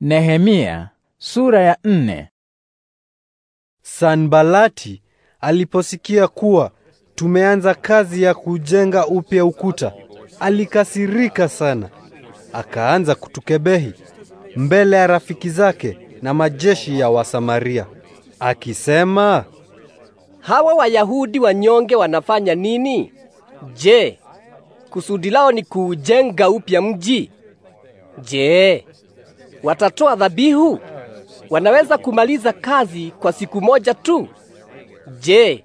Nehemia sura ya nne. Sanbalati aliposikia kuwa tumeanza kazi ya kujenga upya ukuta, alikasirika sana, akaanza kutukebehi mbele ya rafiki zake na majeshi ya Wasamaria akisema, hawa Wayahudi wanyonge wanafanya nini? Je, kusudi lao ni kuujenga upya mji? Je, watatoa dhabihu? Wanaweza kumaliza kazi kwa siku moja tu? Je,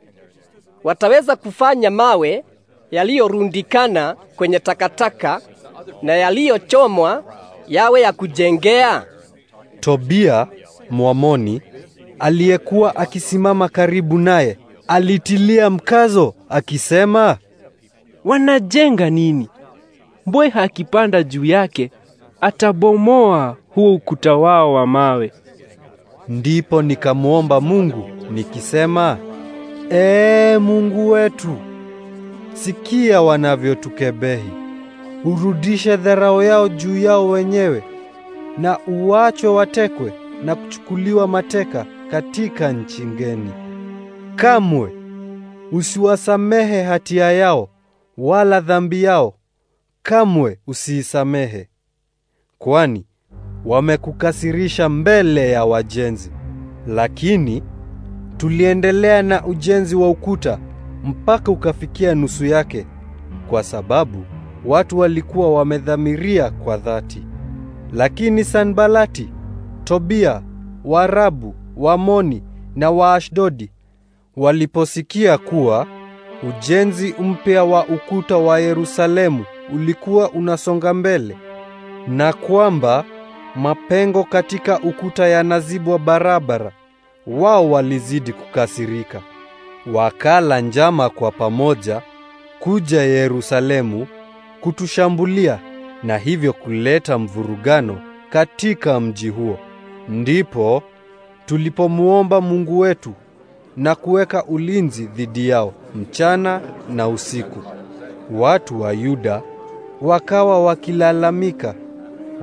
wataweza kufanya mawe yaliyorundikana kwenye takataka na yaliyochomwa yawe ya kujengea? Tobia Mwamoni aliyekuwa akisimama karibu naye alitilia mkazo akisema, wanajenga nini? Mbweha akipanda juu yake atabomoa huo ukuta wao wa mawe. Ndipo nikamwomba Mungu nikisema, Ee Mungu wetu, sikia wanavyotukebehi, urudishe dharau yao juu yao wenyewe, na uwachwe watekwe na kuchukuliwa mateka katika nchi ngeni. Kamwe usiwasamehe hatia yao wala dhambi yao, kamwe usiisamehe kwani wamekukasirisha mbele ya wajenzi. Lakini tuliendelea na ujenzi wa ukuta mpaka ukafikia nusu yake, kwa sababu watu walikuwa wamedhamiria kwa dhati. Lakini Sanbalati, Tobia, Waarabu, wamoni na Waashdodi waliposikia kuwa ujenzi mpya wa ukuta wa Yerusalemu ulikuwa unasonga mbele, na kwamba mapengo katika ukuta yanazibwa barabara. Wao walizidi kukasirika, wakala njama kwa pamoja kuja Yerusalemu kutushambulia na hivyo kuleta mvurugano katika mji huo. Ndipo tulipomuomba Mungu wetu na kuweka ulinzi dhidi yao mchana na usiku. Watu wa Yuda wakawa wakilalamika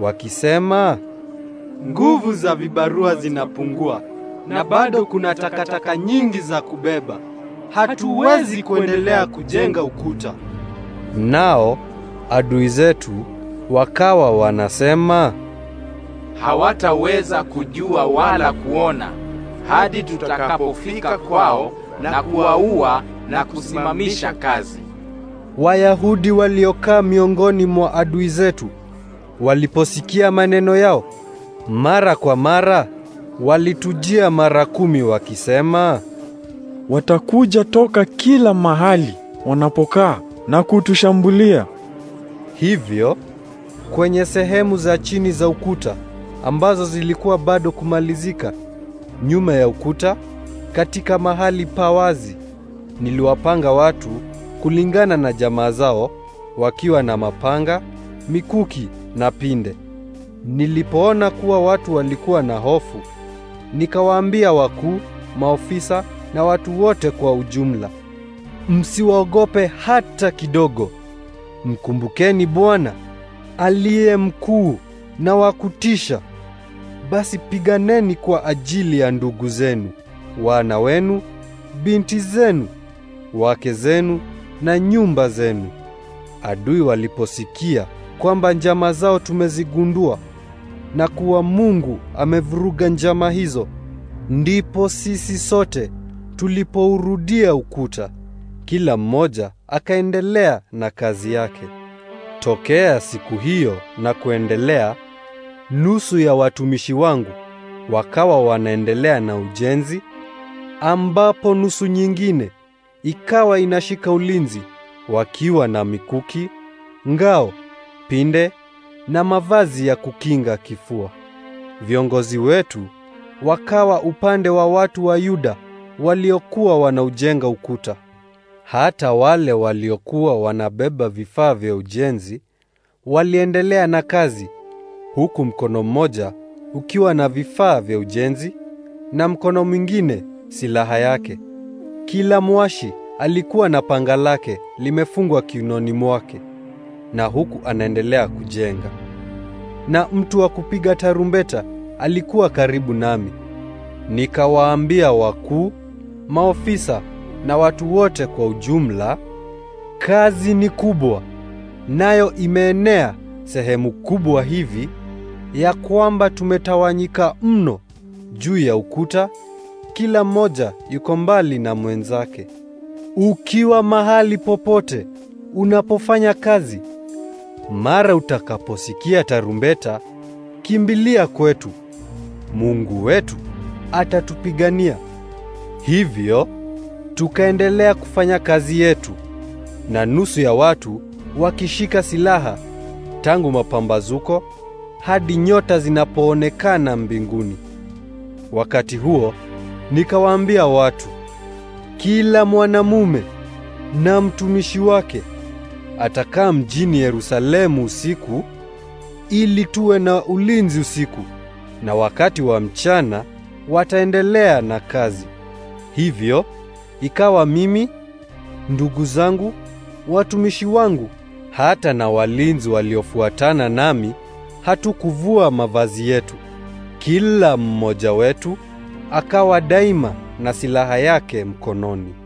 wakisema, nguvu za vibarua zinapungua na bado kuna takataka nyingi za kubeba. Hatuwezi kuendelea kujenga ukuta. Nao adui zetu wakawa wanasema, hawataweza kujua wala kuona hadi tutakapofika kwao na kuwaua na kusimamisha kazi. Wayahudi waliokaa miongoni mwa adui zetu Waliposikia maneno yao mara kwa mara, walitujia mara kumi wakisema, watakuja toka kila mahali wanapokaa na kutushambulia. Hivyo kwenye sehemu za chini za ukuta ambazo zilikuwa bado kumalizika, nyuma ya ukuta, katika mahali pa wazi niliwapanga watu kulingana na jamaa zao, wakiwa na mapanga, mikuki na pinde. Nilipoona kuwa watu walikuwa na hofu, nikawaambia wakuu, maofisa na watu wote kwa ujumla, msiwaogope hata kidogo. Mkumbukeni Bwana aliye mkuu na wa kutisha. Basi piganeni kwa ajili ya ndugu zenu, wana wenu, binti zenu, wake zenu na nyumba zenu. Adui waliposikia kwamba njama zao tumezigundua na kuwa Mungu amevuruga njama hizo, ndipo sisi sote tulipourudia ukuta, kila mmoja akaendelea na kazi yake. Tokea siku hiyo na kuendelea, nusu ya watumishi wangu wakawa wanaendelea na ujenzi, ambapo nusu nyingine ikawa inashika ulinzi wakiwa na mikuki, ngao upinde na mavazi ya kukinga kifua. Viongozi wetu wakawa upande wa watu wa Yuda waliokuwa wanaujenga ukuta. Hata wale waliokuwa wanabeba vifaa vya ujenzi waliendelea na kazi, huku mkono mmoja ukiwa na vifaa vya ujenzi na mkono mwingine silaha yake. Kila mwashi alikuwa na panga lake limefungwa kiunoni mwake na huku anaendelea kujenga. Na mtu wa kupiga tarumbeta alikuwa karibu nami. Nikawaambia wakuu, maofisa na watu wote kwa ujumla, kazi ni kubwa, nayo imeenea sehemu kubwa hivi ya kwamba tumetawanyika mno juu ya ukuta, kila mmoja yuko mbali na mwenzake. Ukiwa mahali popote unapofanya kazi, mara utakaposikia tarumbeta, kimbilia kwetu. Mungu wetu atatupigania. Hivyo tukaendelea kufanya kazi yetu, na nusu ya watu wakishika silaha tangu mapambazuko hadi nyota zinapoonekana mbinguni. Wakati huo nikawaambia watu, kila mwanamume na mtumishi wake atakaa mjini Yerusalemu usiku ili tuwe na ulinzi usiku, na wakati wa mchana wataendelea na kazi. Hivyo ikawa mimi, ndugu zangu, watumishi wangu, hata na walinzi waliofuatana nami, hatukuvua mavazi yetu. Kila mmoja wetu akawa daima na silaha yake mkononi.